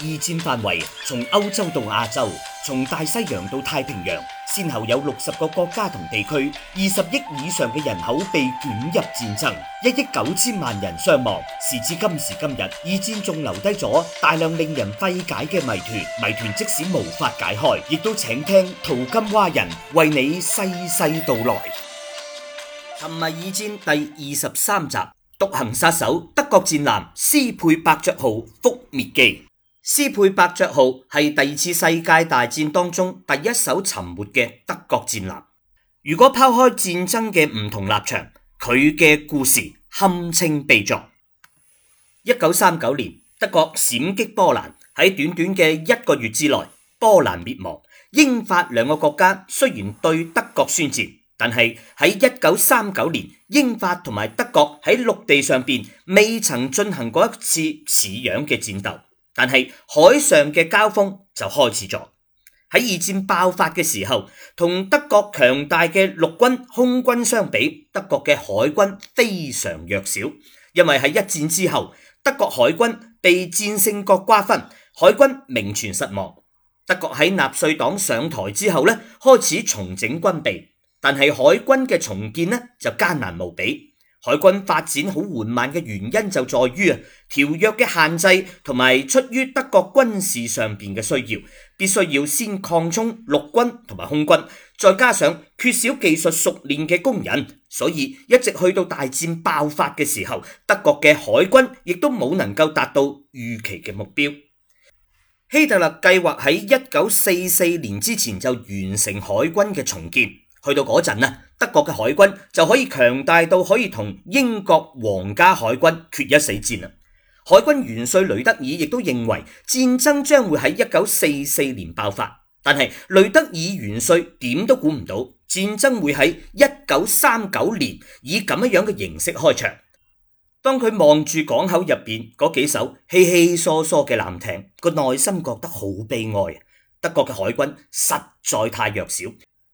二戰範圍從歐洲到亞洲，從大西洋到太平洋，先後有六十個國家同地區二十億以上嘅人口被捲入戰爭，一億九千萬人傷亡。時至今時今日，二戰仲留低咗大量令人費解嘅謎團。謎團即使無法解開，亦都請聽淘金蛙人為你細細道來。尋迷二戰第二十三集《獨行殺手》，德國戰艦斯佩伯爵號覆滅記。斯佩伯爵號係第二次世界大戰當中第一艘沉沒嘅德國戰艦。如果拋開戰爭嘅唔同立場，佢嘅故事堪稱悲壯。一九三九年，德國閃擊波蘭，喺短短嘅一個月之內，波蘭滅亡。英法兩個國家雖然對德國宣戰，但係喺一九三九年，英法同埋德國喺陸地上邊未曾進行過一次似樣嘅戰鬥。但係海上嘅交鋒就開始咗。喺二戰爆發嘅時候，同德國強大嘅陸軍、空軍相比，德國嘅海軍非常弱小，因為喺一戰之後，德國海軍被戰勝國瓜分，海軍名存實亡。德國喺納粹黨上台之後咧，開始重整軍備，但係海軍嘅重建呢就艱難無比。海軍發展好緩慢嘅原因就在於啊條約嘅限制，同埋出於德國軍事上邊嘅需要，必須要先擴充陸軍同埋空軍，再加上缺少技術熟練嘅工人，所以一直去到大戰爆發嘅時候，德國嘅海軍亦都冇能夠達到預期嘅目標。希特勒計劃喺一九四四年之前就完成海軍嘅重建。去到嗰陣啊，德國嘅海軍就可以強大到可以同英國皇家海軍決一死戰啦。海軍元帥雷德爾亦都認為戰爭將會喺一九四四年爆發，但係雷德爾元帥點都估唔到戰爭會喺一九三九年以咁樣嘅形式開場。當佢望住港口入邊嗰幾艘稀稀疏疏嘅艦艇，個內心覺得好悲哀。德國嘅海軍實在太弱小。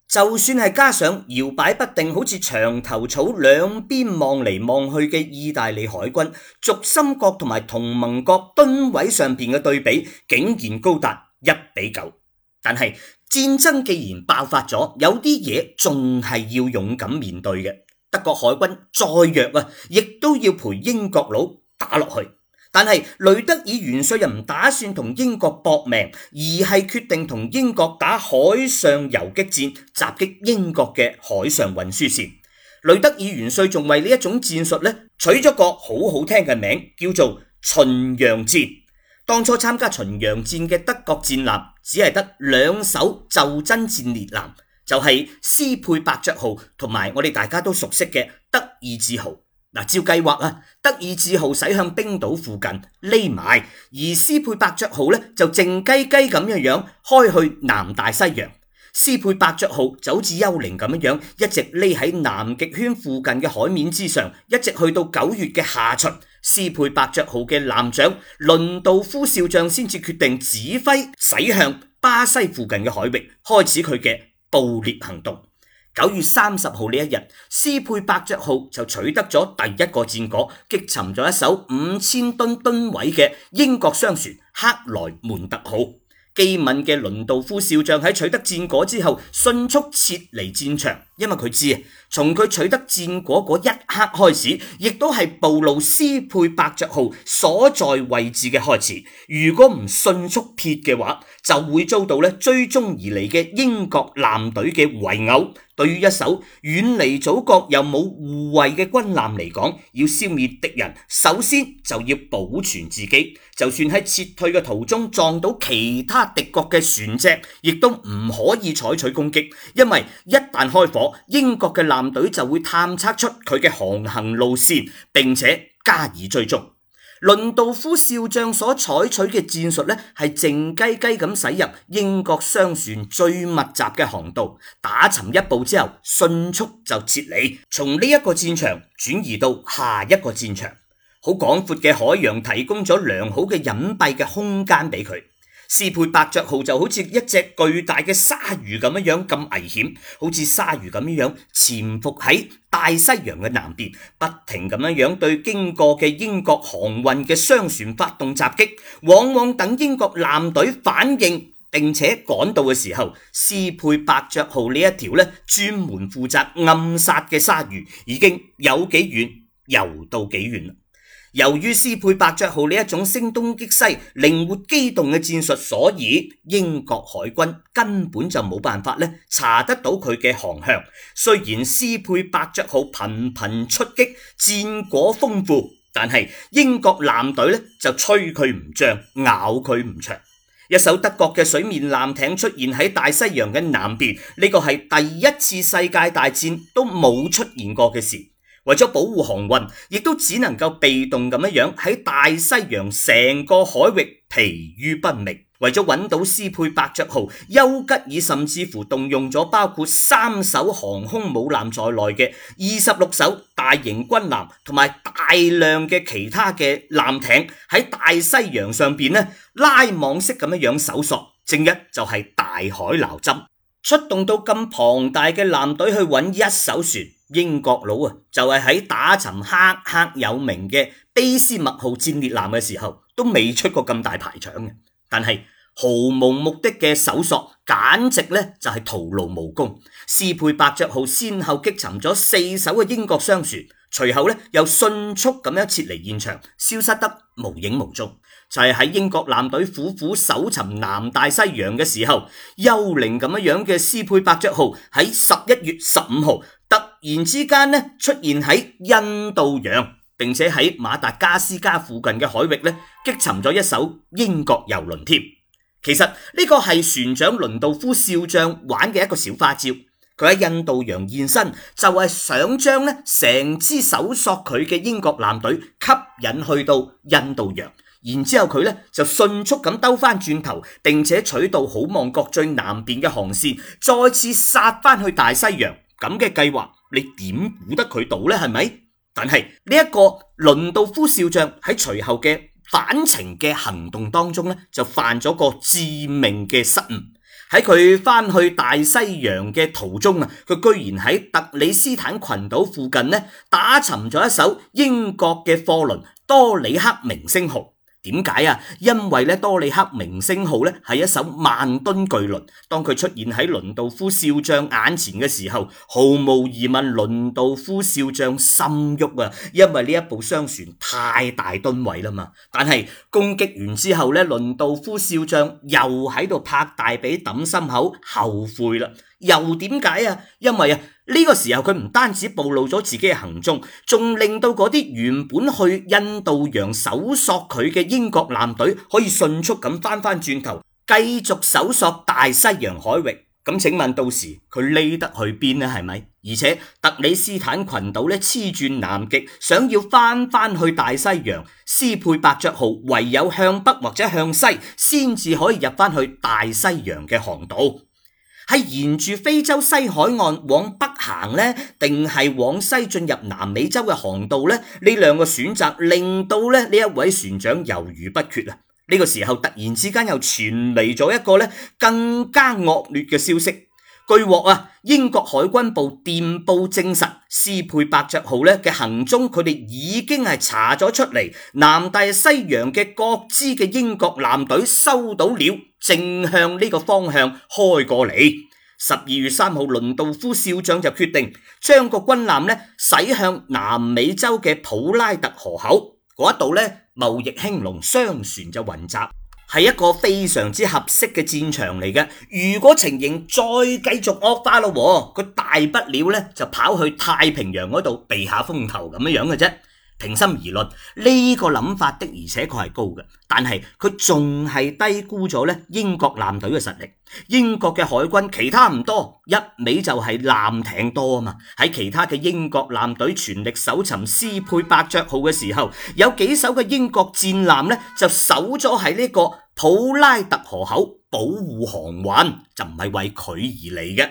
就算係加上搖擺不定，好似牆頭草兩邊望嚟，望去嘅意大利海軍，軸心國同埋同盟國噸位上邊嘅對比，竟然高達一比九。但係戰爭既然爆發咗，有啲嘢仲係要勇敢面對嘅。德國海軍再弱啊，亦都要陪英國佬打落去。但係，雷德爾元帥又唔打算同英國搏命，而係決定同英國打海上游擊戰，襲擊英國嘅海上運輸線。雷德爾元帥仲為呢一種戰術呢取咗個好好聽嘅名，叫做巡洋戰。當初參加巡洋戰嘅德國戰艦，只係得兩艘袖珍戰列艦，就係斯佩伯爵號同埋我哋大家都熟悉嘅德意志號。照計劃，德意志號駛向冰島附近匿埋，而斯佩伯伯爵號就靜雞雞咁樣樣開去南大西洋。斯佩伯爵號走似幽靈咁樣樣，一直匿喺南極圈附近嘅海面之上，一直去到九月嘅下旬。斯佩伯伯爵號嘅艦長倫道夫少將先至決定指揮駛向巴西附近嘅海域，開始佢嘅捕獵行動。九月三十號呢一日，斯佩伯，伯爵號就取得咗第一個戰果，擊沉咗一艘五千噸噸位嘅英國商船克萊門特號。機敏嘅倫道夫少將喺取得戰果之後，迅速撤離戰場，因為佢知啊，從佢取得戰果嗰一刻開始，亦都係暴露斯佩伯，伯爵號所在位置嘅開始。如果唔迅速撇嘅話，就會遭到咧追蹤而嚟嘅英國艦隊嘅圍毆。對於一艘遠離祖國又冇護衛嘅軍艦嚟講，要消滅敵人，首先就要保存自己。就算喺撤退嘅途中撞到其他敵國嘅船隻，亦都唔可以採取攻擊，因為一旦開火，英國嘅艦隊就會探測出佢嘅航行路線，並且加以追蹤。倫道夫少將所採取嘅戰術咧，係靜雞雞咁駛入英國商船最密集嘅航道，打沉一步之後，迅速就撤離，從呢一個戰場轉移到下一個戰場。好廣闊嘅海洋提供咗良好嘅隱蔽嘅空間俾佢。斯佩伯爵號就好似一隻巨大嘅鯊魚咁樣樣咁危險，好似鯊魚咁樣樣潛伏喺大西洋嘅南邊，不停咁樣樣對經過嘅英國航運嘅商船發動襲擊。往往等英國艦隊反應並且趕到嘅時候，斯佩伯爵號呢一條咧專門負責暗殺嘅鯊魚已經有幾遠遊到幾遠啦。由於斯佩伯，伯爵號呢一種聲東擊西、靈活機動嘅戰術，所以英國海軍根本就冇辦法咧查得到佢嘅航向。雖然斯佩伯，伯爵號頻頻出擊，戰果豐富，但係英國艦隊咧就吹佢唔漲，咬佢唔長。一艘德國嘅水面艦艇出現喺大西洋嘅南邊，呢個係第一次世界大戰都冇出現過嘅事。為咗保護航運，亦都只能夠被動咁樣樣喺大西洋成個海域疲於奔命。為咗揾到斯佩伯爵號，丘吉爾甚至乎動用咗包括三艘航空母艦在內嘅二十六艘大型軍艦，同埋大量嘅其他嘅艦艇喺大西洋上邊呢，拉網式咁樣樣搜索，正一就係大海撈針，出動到咁龐大嘅艦隊去揾一艘船。英國佬啊，就係喺打沉赫赫有名嘅卑斯麥號戰列艦嘅時候，都未出過咁大排場嘅。但係毫無目的嘅搜索，簡直咧就係徒勞無功。斯佩伯爵號先後擊沉咗四艘嘅英國商船，隨後咧又迅速咁樣撤離現場，消失得無影無蹤。就係喺英國艦隊苦苦搜尋南大西洋嘅時候，幽靈咁樣嘅斯佩伯爵號喺十一月十五號，然之間呢出現喺印度洋，並且喺馬達加斯加附近嘅海域呢擊沉咗一艘英國郵輪添。其實呢個係船長倫道夫少將玩嘅一個小花招。佢喺印度洋現身，就係想將呢成支搜索佢嘅英國艦隊吸引去到印度洋。然之後佢呢就迅速咁兜翻轉頭，並且取到好望角最南邊嘅航線，再次殺翻去大西洋。咁嘅計劃。你點估得佢到呢？係咪？但係呢一個倫道夫少將喺隨後嘅返程嘅行動當中呢，就犯咗個致命嘅失誤。喺佢返去大西洋嘅途中啊，佢居然喺特里斯坦群島附近呢打沉咗一艘英國嘅貨輪多里克明星號。點解啊？因為咧，多利克明星號咧係一艘萬噸巨輪。當佢出現喺倫道夫少將眼前嘅時候，毫無疑問，倫道夫少將心喐啊，因為呢一部商船太大噸位啦嘛。但係攻擊完之後咧，倫道夫少將又喺度拍大髀揼心口，後悔啦。又點解啊？因為啊。呢個時候，佢唔單止暴露咗自己嘅行蹤，仲令到嗰啲原本去印度洋搜索佢嘅英國艦隊可以迅速咁翻翻轉頭，繼續搜索大西洋海域。咁、嗯、請問到時佢匿得去邊呢？係咪？而且特里斯坦群島咧黐住南極，想要翻翻去大西洋，斯佩伯爵號唯有向北或者向西，先至可以入翻去大西洋嘅航道。係沿住非洲西海岸往北行呢，定係往西進入南美洲嘅航道呢？呢兩個選擇令到咧呢一位船長猶豫不決啊！呢個時候突然之間又傳嚟咗一個咧更加惡劣嘅消息，據獲啊英國海軍部電報證實，斯佩伯爵號咧嘅行蹤，佢哋已經係查咗出嚟，南大西洋嘅各支嘅英國艦隊收到了，正向呢個方向開過嚟。十二月三號，倫道夫少將就決定將個軍艦呢駛向南美洲嘅普拉特河口嗰一度呢，貿易興隆，商船就混集，係一個非常之合適嘅戰場嚟嘅。如果情形再繼續惡化咯，佢大不了呢就跑去太平洋嗰度避下風頭咁樣樣嘅啫。平心而論，呢、這個諗法的，而且確係高嘅，但係佢仲係低估咗英國艦隊嘅實力。英國嘅海軍其他唔多，一味就係艦艇多啊嘛。喺其他嘅英國艦隊全力搜尋斯佩伯爵號嘅時候，有幾艘嘅英國戰艦呢，就守咗喺呢個普拉特河口保護航運，就唔係為佢而嚟嘅。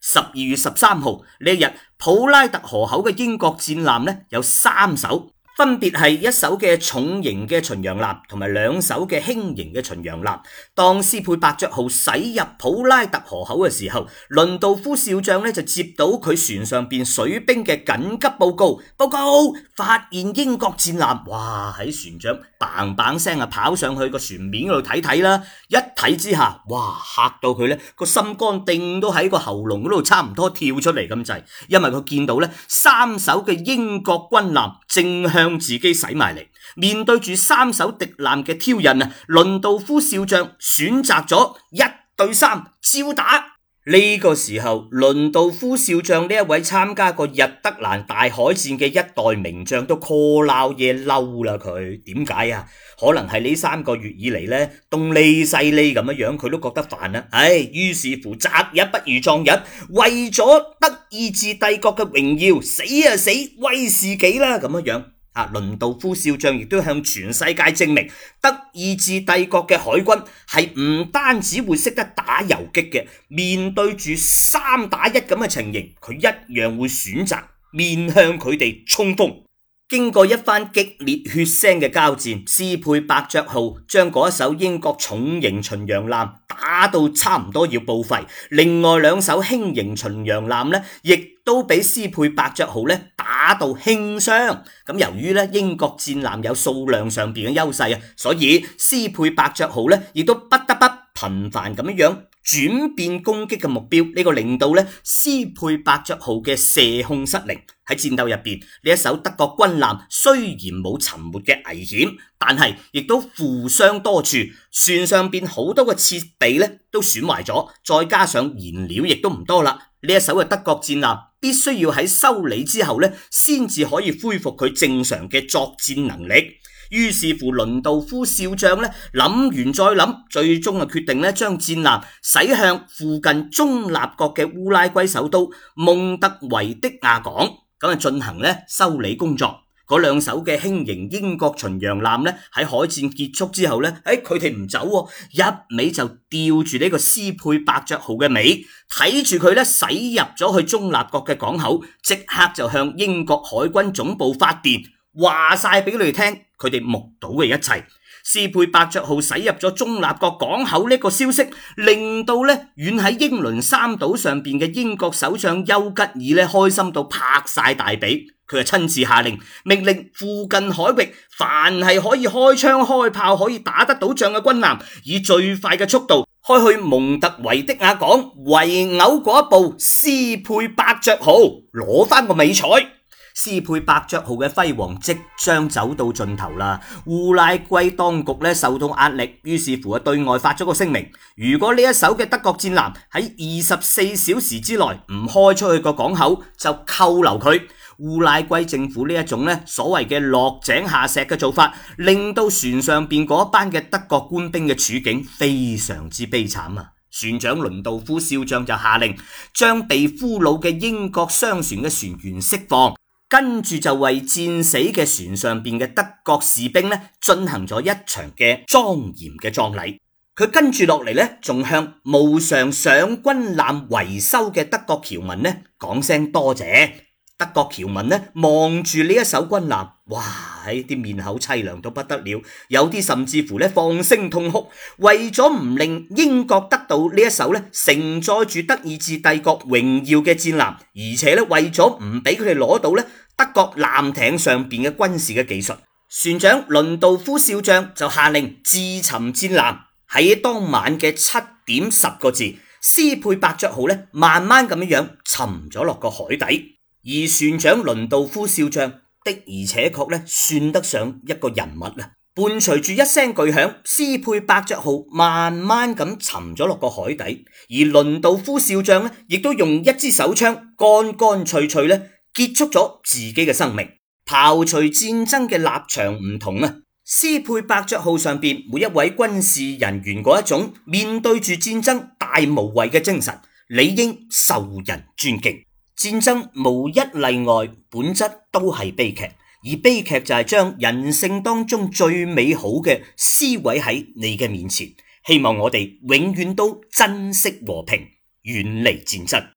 十二月十三號呢日，普拉特河口嘅英國戰艦呢有三艘。分別係一艘嘅重型嘅巡洋艦同埋兩艘嘅輕型嘅巡洋艦。當斯佩伯爵號駛入普拉特河口嘅時候，倫道夫少將呢就接到佢船上邊水兵嘅緊急報告，報告發現英國戰艦。哇！喺船長棒棒聲啊跑上去個船面嗰度睇睇啦。一睇之下，哇！嚇到佢呢個心肝定都喺個喉嚨嗰度差唔多跳出嚟咁滯。因為佢見到呢三艘嘅英國軍艦正向用自己洗埋嚟，面對住三手敵艦嘅挑釁啊！倫道夫少將選擇咗一對三招打呢個時候，倫道夫少將呢一位參加過日德蘭大海戰嘅一代名將都 call 鬧嘢嬲啦！佢點解啊？可能係呢三個月以嚟咧，凍利細利咁樣樣，佢都覺得煩啦。唉，於是乎，擇日不如撞日，為咗德意志帝國嘅榮耀，死啊死，為自己啦咁樣樣。啊，倫道夫少將亦都向全世界證明，德意志帝國嘅海軍係唔單止會識得打遊擊嘅，面對住三打一咁嘅情形，佢一樣會選擇面向佢哋衝鋒。經過一番激烈血腥嘅交戰，斯佩伯爵號將嗰一艘英國重型巡洋艦打到差唔多要報廢，另外兩艘輕型巡洋艦呢亦都俾斯佩伯爵號咧打到輕傷，咁由於咧英國戰艦有數量上邊嘅優勢啊，所以斯佩伯爵號咧亦都不得不頻繁咁樣樣轉變攻擊嘅目標。呢、這個令到咧斯佩伯爵號嘅射控失靈喺戰鬥入邊。呢一艘德國軍艦雖然冇沉沒嘅危險，但係亦都負傷多處，船上邊好多嘅設備咧都損壞咗，再加上燃料亦都唔多啦。呢一艘嘅德國戰艦必須要喺修理之後咧，先至可以恢復佢正常嘅作戰能力。於是乎，倫道夫少將咧諗完再諗，最終啊決定咧將戰艦駛向附近中立國嘅烏拉圭首都蒙德維的亞港，咁啊進行咧修理工作。嗰兩艘嘅輕型英國巡洋艦咧，喺海戰結束之後咧，誒佢哋唔走喎、啊，一味就吊住呢個斯佩伯爵號嘅尾，睇住佢呢駛入咗去中立國嘅港口，即刻就向英國海軍總部發電，話曬俾你哋聽佢哋目睹嘅一切。斯佩伯爵號駛入咗中立國港口呢個消息，令到咧遠喺英倫三島上邊嘅英國首相丘吉爾咧開心到拍晒大髀，佢就親自下令，命令附近海域凡係可以開槍開炮可以打得到仗嘅軍艦，以最快嘅速度開去蒙特維的亞港圍毆嗰部斯佩伯爵號，攞翻個美彩。斯佩伯爵號嘅輝煌即將走到盡頭啦！烏拉圭當局咧受到壓力，於是乎啊對外發咗個聲明：如果呢一艘嘅德國戰艦喺二十四小時之內唔開出去個港口，就扣留佢。烏拉圭政府呢一種咧所謂嘅落井下石嘅做法，令到船上邊嗰班嘅德國官兵嘅處境非常之悲慘啊！船長倫道夫少將就下令將被俘虜嘅英國商船嘅船員釋放。跟住就為戰死嘅船上邊嘅德國士兵咧進行咗一場嘅莊嚴嘅葬禮。佢跟住落嚟咧，仲向無償上，上軍艦維修嘅德國僑民咧講聲多謝。德國僑民呢望住呢一艘軍艦，哇！啲、哎、面口凄涼到不得了，有啲甚至乎咧放聲痛哭。為咗唔令英國得到呢一艘咧承載住德意志帝國榮耀嘅戰艦，而且咧為咗唔俾佢哋攞到咧德國艦艇上邊嘅軍事嘅技術，船長倫道夫少將就下令自沉戰艦。喺當晚嘅七點十個字，斯佩伯爵號咧慢慢咁樣樣沉咗落個海底。而船長倫道夫少將的而且確咧，算得上一個人物啦。伴隨住一聲巨響，斯佩伯爵號慢慢咁沉咗落個海底，而倫道夫少將呢，亦都用一支手槍乾乾脆脆咧結束咗自己嘅生命。刨除戰爭嘅立場唔同啊，斯佩伯爵號上邊每一位軍事人員嗰一種面對住戰爭大無畏嘅精神，理應受人尊敬。戰爭無一例外，本質都係悲劇，而悲劇就係將人性當中最美好嘅撕毀喺你嘅面前。希望我哋永遠都珍惜和平，遠離戰爭。